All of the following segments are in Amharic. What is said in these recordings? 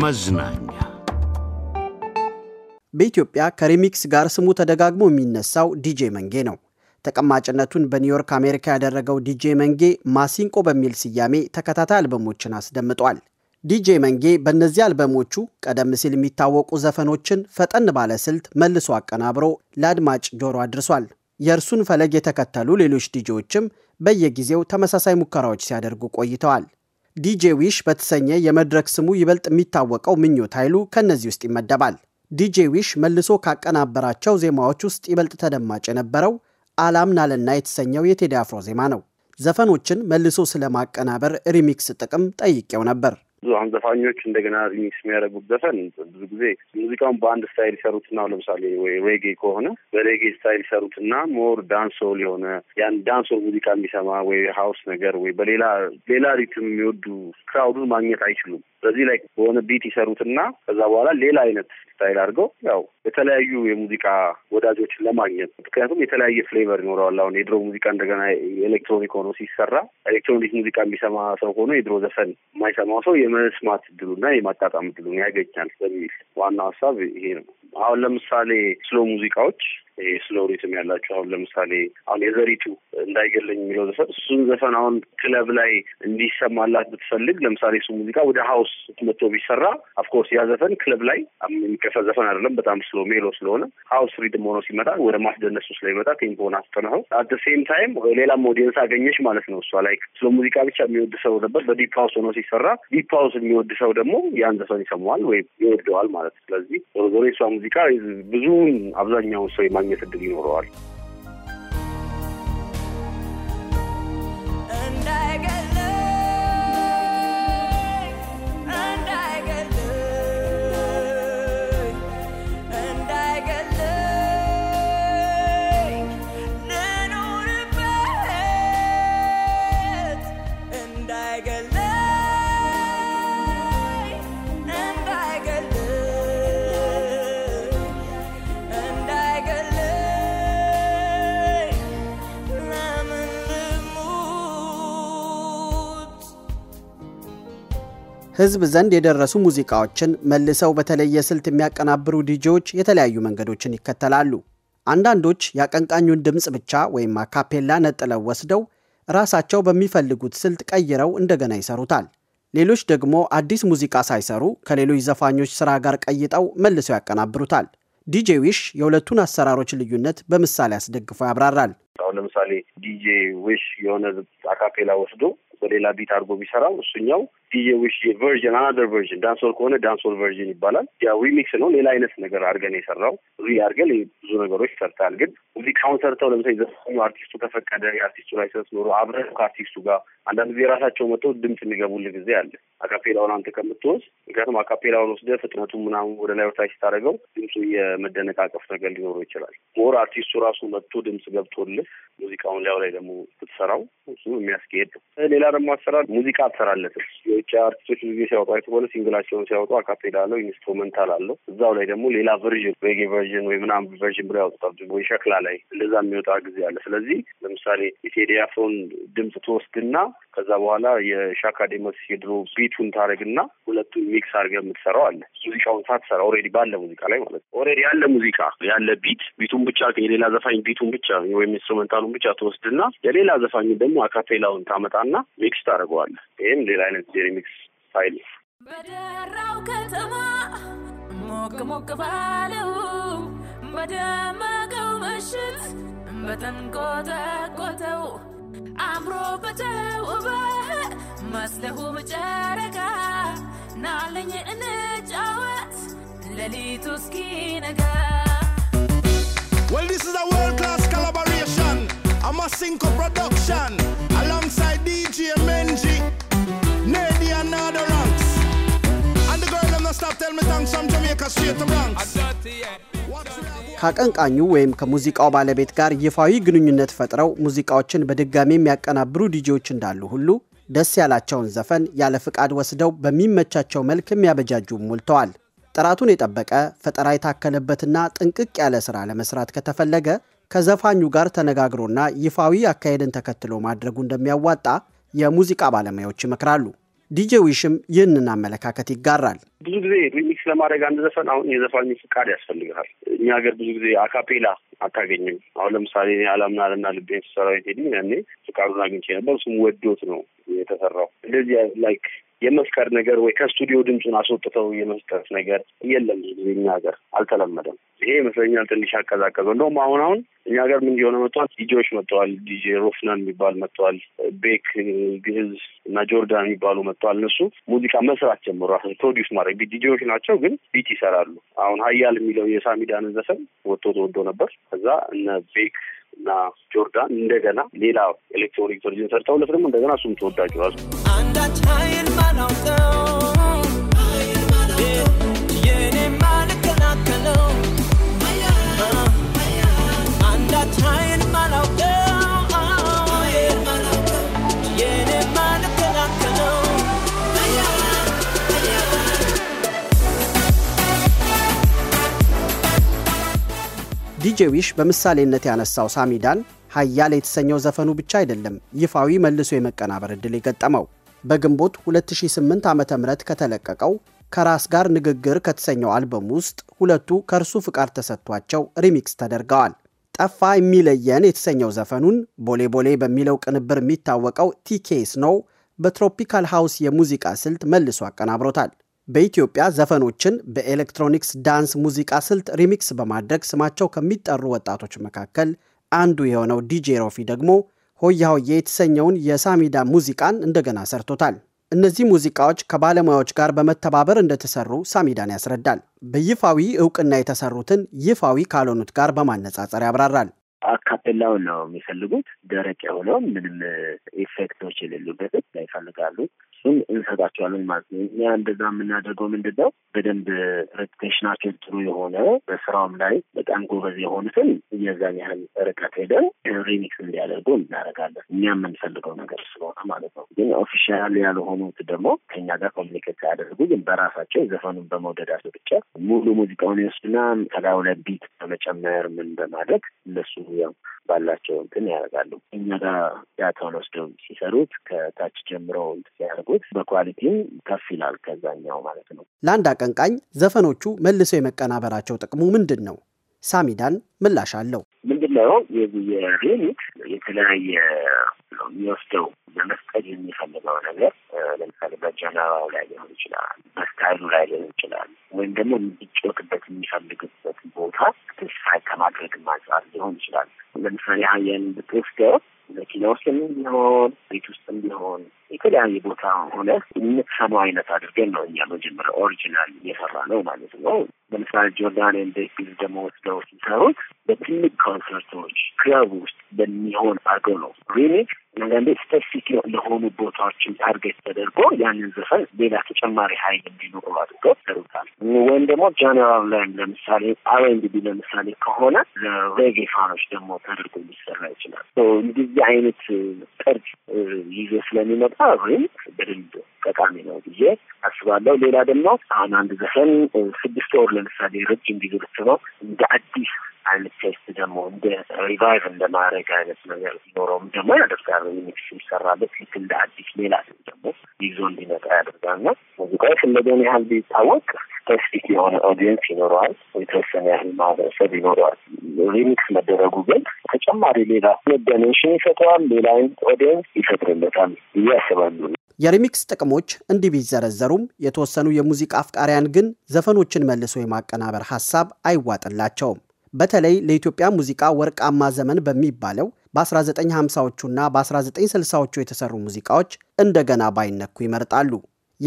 መዝናኛ በኢትዮጵያ ከሪሚክስ ጋር ስሙ ተደጋግሞ የሚነሳው ዲጄ መንጌ ነው። ተቀማጭነቱን በኒውዮርክ አሜሪካ ያደረገው ዲጄ መንጌ ማሲንቆ በሚል ስያሜ ተከታታይ አልበሞችን አስደምጧል። ዲጄ መንጌ በእነዚህ አልበሞቹ ቀደም ሲል የሚታወቁ ዘፈኖችን ፈጠን ባለ ስልት መልሶ አቀናብሮ ለአድማጭ ጆሮ አድርሷል። የእርሱን ፈለግ የተከተሉ ሌሎች ዲጄዎችም በየጊዜው ተመሳሳይ ሙከራዎች ሲያደርጉ ቆይተዋል። ዲጄ ዊሽ በተሰኘ የመድረክ ስሙ ይበልጥ የሚታወቀው ምኞት ኃይሉ ከእነዚህ ውስጥ ይመደባል። ዲጄ ዊሽ መልሶ ካቀናበራቸው ዜማዎች ውስጥ ይበልጥ ተደማጭ የነበረው ናለና የተሰኘው የቴዲ አፍሮ ዜማ ነው። ዘፈኖችን መልሶ ስለማቀናበር ሪሚክስ ጥቅም ጠይቄው ነበር። ብዙሀን ዘፋኞች እንደገና ሪሚክስ የሚያደርጉት ዘፈን ብዙ ጊዜ ሙዚቃውን በአንድ ስታይል ይሰሩትና ለምሳሌ ወይ ሬጌ ከሆነ በሬጌ ስታይል ይሰሩትና ሞር ዳንሶል የሆነ ያን ዳንሶል ሙዚቃ የሚሰማ ወይ ሀውስ ነገር ወይ በሌላ ሌላ ሪትም የሚወዱ ክራውዱን ማግኘት አይችሉም። በዚህ ላይ በሆነ ቢት ይሰሩትና ከዛ በኋላ ሌላ አይነት ስታይል አድርገው ያው የተለያዩ የሙዚቃ ወዳጆችን ለማግኘት ምክንያቱም የተለያየ ፍሌቨር ይኖረዋል። አሁን የድሮ ሙዚቃ እንደገና ኤሌክትሮኒክ ሆኖ ሲሰራ ኤሌክትሮኒክ ሙዚቃ የሚሰማ ሰው ሆኖ የድሮ ዘፈን የማይሰማው ሰው የመስማት እድሉና የማጣጣም እድሉን ያገኛል በሚል ዋናው ሀሳብ ይሄ ነው። አሁን ለምሳሌ ስሎ ሙዚቃዎች ስሎ ሪትም ያላቸው አሁን ለምሳሌ አሁን የዘሪቱ እንዳይገለኝ የሚለው ዘፈን እሱን ዘፈን አሁን ክለብ ላይ እንዲሰማላት ብትፈልግ ለምሳሌ እሱ ሙዚቃ ወደ ሀውስ መቶ ቢሰራ አፍኮርስ ያ ዘፈን ክለብ ላይ የሚከፈል ዘፈን አይደለም። በጣም ስሎ ሜሎ ስለሆነ ሀውስ ሪድም ሆኖ ሲመጣ ወደ ማስደነሱ ስለሚመጣ ቴምፖን አስጠናኸው አት ሴም ታይም ሌላም ኦዲየንስ አገኘች ማለት ነው። እሷ ላይ ስሎ ሙዚቃ ብቻ የሚወድ ሰው ነበር፣ በዲፕ ሀውስ ሆኖ ሲሰራ ዲፕ ሀውስ የሚወድ ሰው ደግሞ ያን ዘፈን ይሰማዋል ወይም ይወደዋል ማለት ነው። ስለዚህ ዞሮ ዞሮ የእሷ ሙዚቃ ብዙውን አብዛኛውን ሰው የማ የማግኘት እድል ይኖረዋል። ህዝብ ዘንድ የደረሱ ሙዚቃዎችን መልሰው በተለየ ስልት የሚያቀናብሩ ዲጄዎች የተለያዩ መንገዶችን ይከተላሉ። አንዳንዶች የአቀንቃኙን ድምፅ ብቻ ወይም አካፔላ ነጥለው ወስደው ራሳቸው በሚፈልጉት ስልት ቀይረው እንደገና ይሰሩታል። ሌሎች ደግሞ አዲስ ሙዚቃ ሳይሰሩ ከሌሎች ዘፋኞች ሥራ ጋር ቀይጠው መልሰው ያቀናብሩታል። ዲጄ ዊሽ የሁለቱን አሰራሮች ልዩነት በምሳሌ አስደግፎ ያብራራል። አሁን ለምሳሌ ዲጄ ዊሽ የሆነ አካፔላ ወስዶ በሌላ ቢት አድርጎ ቢሰራው እሱኛው ዲጄዊሽ ቨርዥን አናደር ቨርዥን ዳንሶል ከሆነ ዳንሶል ቨርዥን ይባላል። ያው ሪሚክስ ነው። ሌላ አይነት ነገር አድርገን የሰራው ሪ አድርገን ብዙ ነገሮች ሰርታል። ግን ሙዚቃውን ሰርተው ለምሳሌ ዘፋኙ አርቲስቱ ከፈቀደ የአርቲስቱ ላይሰንስ ኖሮ አብረን ከአርቲስቱ ጋር አንዳንድ ጊዜ የራሳቸው መጥተው ድምፅ የሚገቡልህ ጊዜ አለ። አካፔላውን አንተ ከምትወስድ ምክንያቱም አካፔላውን ወስደህ ፍጥነቱ ምናምን ወደ ላይ ወታች ስታደርገው ድምፁ የመደነቃቀፍ ነገር ሊኖረው ይችላል። ሞር አርቲስቱ ራሱ መጥቶ ድምፅ ገብቶልህ ሙዚቃውን ሊያው ላይ ደግሞ ስትሰራው እሱ የሚያስኬድ ሌላ ደግሞ አሰራር ሙዚቃ አትሰራለትም የውጭ አርቲስቶች ብዙ ጊዜ ሲያወጡ አይቶ በሆነ ሲንግላቸውን ሲያወጡ አካፔላ አለው ኢንስትሩመንታል አለው። እዛው ላይ ደግሞ ሌላ ቨርዥን ሬጌ ቨርዥን ወይ ምናምን ቨርዥን ብሎ ያወጡታል ወይ ሸክላ ላይ እንደዛ የሚወጣ ጊዜ አለ። ስለዚህ ለምሳሌ የቴዲ አፍሮን ድምፅ ትወስድና ከዛ በኋላ የሻካ ዴሞስ የድሮ ቢቱን ታደርግና ሁለቱን ሚክስ አድርገህ የምትሰራው አለ። ሙዚቃውን ሳትሰራ ኦልሬዲ ባለ ሙዚቃ ላይ ማለት ነው። ኦልሬዲ ያለ ሙዚቃ ያለ ቢት ቢቱን ብቻ የሌላ ዘፋኝ ቢቱን ብቻ ወይም ኢንስትሩመንታሉን ብቻ ትወስድና የሌላ ዘፋኝ ደግሞ አካፔላውን ታመጣና ሚክስ ታደርገዋለህ። ይህም ሌላ አይነት የሪሚክስ ፋይል በደራው ከተማ ሞቅ ሞቅ ባለው በደመቀው ምሽት በተንቆጠቆተው አምሮ በተውበ መስለሁ በጨረቃ ናለኝ እንጫወት ሌሊቱ እስኪነጋ Well, this is a world-class collaboration. I'm a synco production alongside DJ Menji. ከአቀንቃኙ ወይም ከሙዚቃው ባለቤት ጋር ይፋዊ ግንኙነት ፈጥረው ሙዚቃዎችን በድጋሚ የሚያቀናብሩ ዲጂዎች እንዳሉ ሁሉ ደስ ያላቸውን ዘፈን ያለ ፍቃድ ወስደው በሚመቻቸው መልክ የሚያበጃጁ ሞልተዋል። ጥራቱን የጠበቀ ፈጠራ የታከለበትና ጥንቅቅ ያለ ስራ ለመስራት ከተፈለገ ከዘፋኙ ጋር ተነጋግሮና ይፋዊ አካሄድን ተከትሎ ማድረጉ እንደሚያዋጣ የሙዚቃ ባለሙያዎች ይመክራሉ። ዲጄ ዊሽም ይህንን አመለካከት ይጋራል። ብዙ ጊዜ ሪሚክስ ለማድረግ አንድ ዘፈን አሁን የዘፋኝ ፍቃድ ያስፈልግሃል። እኛ ሀገር ብዙ ጊዜ አካፔላ አታገኝም። አሁን ለምሳሌ አላምናልና ልቤን ስሰራዊ ሄድ ያኔ ፍቃዱን አግኝቼ ነበር። እሱም ወዶት ነው የተሰራው። እንደዚህ ላይክ የመፍቀር ነገር ወይ ከስቱዲዮ ድምፁን አስወጥተው የመስጠት ነገር የለም። እኛ ሀገር አልተለመደም። ይሄ ይመስለኛል ትንሽ ያቀዛቀዘው። እንደውም አሁን አሁን እኛ ሀገር ምን እየሆነ መጥተዋል፣ ዲጄዎች መጥተዋል። ዲጄ ሮፍናን የሚባል መጥተዋል። ቤክ ግህዝ እና ጆርዳን የሚባሉ መጥተዋል። እነሱ ሙዚቃ መስራት ጀምሮ ራሱ ፕሮዲውስ ማድረግ ዲጄዎች ናቸው፣ ግን ቢት ይሰራሉ። አሁን ሀያል የሚለው የሳሚዳንን ዘፈን ወጥቶ ተወዶ ነበር። ከዛ እነ ቤክ እና ጆርዳን እንደገና ሌላ ኤሌክትሮኒክ ቨርዥን ሰርተውለት ደግሞ እንደገና እሱም ተወዳጅ ዋዙ ሀይል ዲጄ ዊሽ በምሳሌነት ያነሳው ሳሚዳን ሀያል የተሰኘው ዘፈኑ ብቻ አይደለም ይፋዊ መልሶ የመቀናበር ዕድል የገጠመው። በግንቦት 2008 ዓ.ም ከተለቀቀው ከራስ ጋር ንግግር ከተሰኘው አልበም ውስጥ ሁለቱ ከእርሱ ፍቃድ ተሰጥቷቸው ሪሚክስ ተደርገዋል። ጠፋ የሚለየን የተሰኘው ዘፈኑን ቦሌ ቦሌ በሚለው ቅንብር የሚታወቀው ቲኬስ ነው በትሮፒካል ሃውስ የሙዚቃ ስልት መልሶ አቀናብሮታል። በኢትዮጵያ ዘፈኖችን በኤሌክትሮኒክስ ዳንስ ሙዚቃ ስልት ሪሚክስ በማድረግ ስማቸው ከሚጠሩ ወጣቶች መካከል አንዱ የሆነው ዲጄ ሮፊ ደግሞ ሆያ ሆዬ የተሰኘውን የሳሚዳ ሙዚቃን እንደገና ሰርቶታል። እነዚህ ሙዚቃዎች ከባለሙያዎች ጋር በመተባበር እንደተሰሩ ሳሚዳን ያስረዳል። በይፋዊ እውቅና የተሰሩትን ይፋዊ ካልሆኑት ጋር በማነጻጸር ያብራራል። አካፔላውን ነው የሚፈልጉት። ደረቅ የሆነው ምንም ኢፌክቶች የሌሉበት ይፈልጋሉ። እሱን እንሰጣቸዋለን ማለት ነው። እኛ እንደዛ የምናደርገው ምንድን ነው፣ በደንብ ሬፑቴሽናቸው ጥሩ የሆነ በስራውም ላይ በጣም ጎበዝ የሆኑትን እየዛን ያህል ርቀት ሄደን ሪሚክስ እንዲያደርጉ እናደርጋለን። እኛ የምንፈልገው ነገር ስለሆነ ማለት ነው። ግን ኦፊሻል ያልሆኑት ደግሞ ከኛ ጋር ኮሚኒኬት ሳያደርጉ ግን በራሳቸው ዘፈኑን በመውደዳቸው ብቻ ሙሉ ሙዚቃውን ይወስዱና ከላዩ ላይ ቢት በመጨመር ምን በማድረግ እነሱ ያው ባላቸው እንትን ያደርጋሉ። እኛ ጋር ዳታውን ወስደው ሲሰሩት ከታች ጀምሮ ሲያደርጉት በኳሊቲም ከፍ ይላል ከዛኛው ማለት ነው። ለአንድ አቀንቃኝ ዘፈኖቹ መልሰው የመቀናበራቸው ጥቅሙ ምንድን ነው? ሳሚዳን ምላሽ አለው። ያለው የሪሚክስ የተለያየ ነው የሚወስደው በመስቀል የሚፈልገው ነገር ለምሳሌ በጀናባው ላይ ሊሆን ይችላል፣ በስታይሉ ላይ ሊሆን ይችላል፣ ወይም ደግሞ የሚጮትበት የሚፈልግበት ቦታ ተስፋ ከማድረግ አንጻር ሊሆን ይችላል። ለምሳሌ ሀያን ብትወስደው መኪና ውስጥ ቢሆን ቤት ውስጥም ቢሆን የተለያየ ቦታ ሆነ የምትሰማው አይነት አድርገን ነው እኛ መጀመሪያ ኦሪጂናል እየሰራ ነው ማለት ነው። ለምሳሌ ጆርዳን ንደ ግዝ ደግሞ ወስደው ሲሰሩት በትልቅ ኮንሰርቶች ክለብ ውስጥ በሚሆን አድርገው ነው ሪሚክስ አንዳንዴ ስፔሲፊክ ለሆኑ ቦታዎችን ታርጌት ተደርጎ ያንን ዘፈን ሌላ ተጨማሪ ሀይል እንዲኖሩ አድርገው ይሰሩታል። ወይም ደግሞ ጀነራል ላይም ለምሳሌ አር ለምሳሌ ከሆነ ለሬጌ ፋኖች ደግሞ ተደርጎ ሊሰራ ይችላል። እንደዚህ አይነት ቅርጽ ይዞ ስለሚመጣ ወይም በደንብ ጠቃሚ ነው ብዬ አስባለሁ። ሌላ ደግሞ አሁን አንድ ዘፈን ስድስት ወር ለምሳሌ ረጅም ጊዜ ብትነው እንደ አዲስ አይነት ቴስት ደግሞ እንደ ሪቫይቭ እንደ ማድረግ አይነት ነገር ሲኖረውም ደግሞ ያደርጋሉ። ሪሚክስ ይሰራበት ልክ እንደ አዲስ ሌላ ስም ደግሞ ይዞ እንዲመጣ ያደርጋል። ና ሙዚቃ ፍለገን ያህል ቢታወቅ ስፔሲፊክ የሆነ ኦዲየንስ ይኖረዋል፣ የተወሰነ ያህል ማህበረሰብ ይኖረዋል። ሪሚክስ መደረጉ ግን ተጨማሪ ሌላ መደነሽን ይፈጠዋል፣ ሌላ አይነት ኦዲየንስ ይፈጥርለታል እያስባሉ የሪሚክስ ጥቅሞች እንዲህ ቢዘረዘሩም የተወሰኑ የሙዚቃ አፍቃሪያን ግን ዘፈኖችን መልሶ የማቀናበር ሀሳብ አይዋጥላቸውም። በተለይ ለኢትዮጵያ ሙዚቃ ወርቃማ ዘመን በሚባለው በ1950ዎቹና በ1960ዎቹ የተሰሩ ሙዚቃዎች እንደገና ባይነኩ ይመርጣሉ።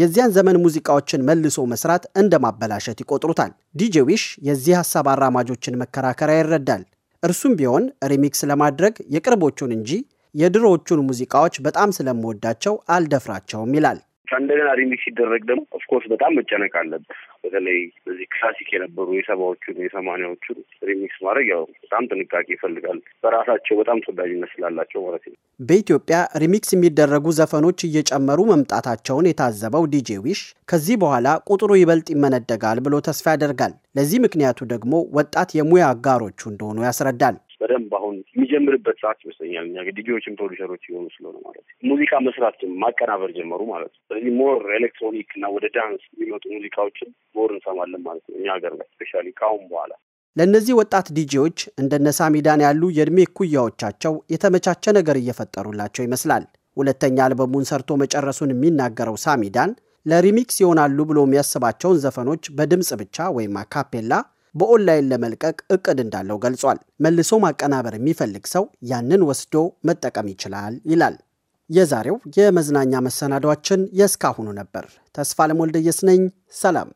የዚያን ዘመን ሙዚቃዎችን መልሶ መስራት እንደ ማበላሸት ይቆጥሩታል። ዲጄ ዊሽ የዚህ ሀሳብ አራማጆችን መከራከሪያ ይረዳል። እርሱም ቢሆን ሪሚክስ ለማድረግ የቅርቦቹን እንጂ የድሮዎቹን ሙዚቃዎች በጣም ስለምወዳቸው አልደፍራቸውም ይላል። እንደገና ሪሚክስ ሲደረግ ደግሞ ኦፍኮርስ በጣም መጨነቅ አለብህ። በተለይ በዚህ ክላሲክ የነበሩ የሰባዎቹን የሰማኒያዎቹን ሪሚክስ ማድረግ ያው በጣም ጥንቃቄ ይፈልጋል። በራሳቸው በጣም ተወዳጅነት ስላላቸው ማለት ነው። በኢትዮጵያ ሪሚክስ የሚደረጉ ዘፈኖች እየጨመሩ መምጣታቸውን የታዘበው ዲጄ ዊሽ ከዚህ በኋላ ቁጥሩ ይበልጥ ይመነደጋል ብሎ ተስፋ ያደርጋል። ለዚህ ምክንያቱ ደግሞ ወጣት የሙያ አጋሮቹ እንደሆኑ ያስረዳል። በደንብ አሁን የሚጀምርበት ሰዓት ይመስለኛል። እኛ ዲጂዎችም ፕሮዲሰሮች የሆኑ ስለሆነ ማለት ሙዚቃ መስራት ማቀናበር ጀመሩ ማለት ነው። ስለዚህ ሞር ኤሌክትሮኒክ እና ወደ ዳንስ የሚመጡ ሙዚቃዎችን ሞር እንሰማለን ማለት ነው እኛ ሀገር ላይ ስፔሻሊ ከአሁን በኋላ ለእነዚህ ወጣት ዲጄዎች እንደነ ሳሚዳን ያሉ የእድሜ እኩያዎቻቸው የተመቻቸ ነገር እየፈጠሩላቸው ይመስላል። ሁለተኛ አልበሙን ሰርቶ መጨረሱን የሚናገረው ሳሚዳን ለሪሚክስ ይሆናሉ ብሎ የሚያስባቸውን ዘፈኖች በድምፅ ብቻ ወይም አካፔላ በኦንላይን ለመልቀቅ እቅድ እንዳለው ገልጿል። መልሶ ማቀናበር የሚፈልግ ሰው ያንን ወስዶ መጠቀም ይችላል ይላል። የዛሬው የመዝናኛ መሰናዷችን የእስካሁኑ ነበር። ተስፋ ለሞልደየስ ነኝ። ሰላም።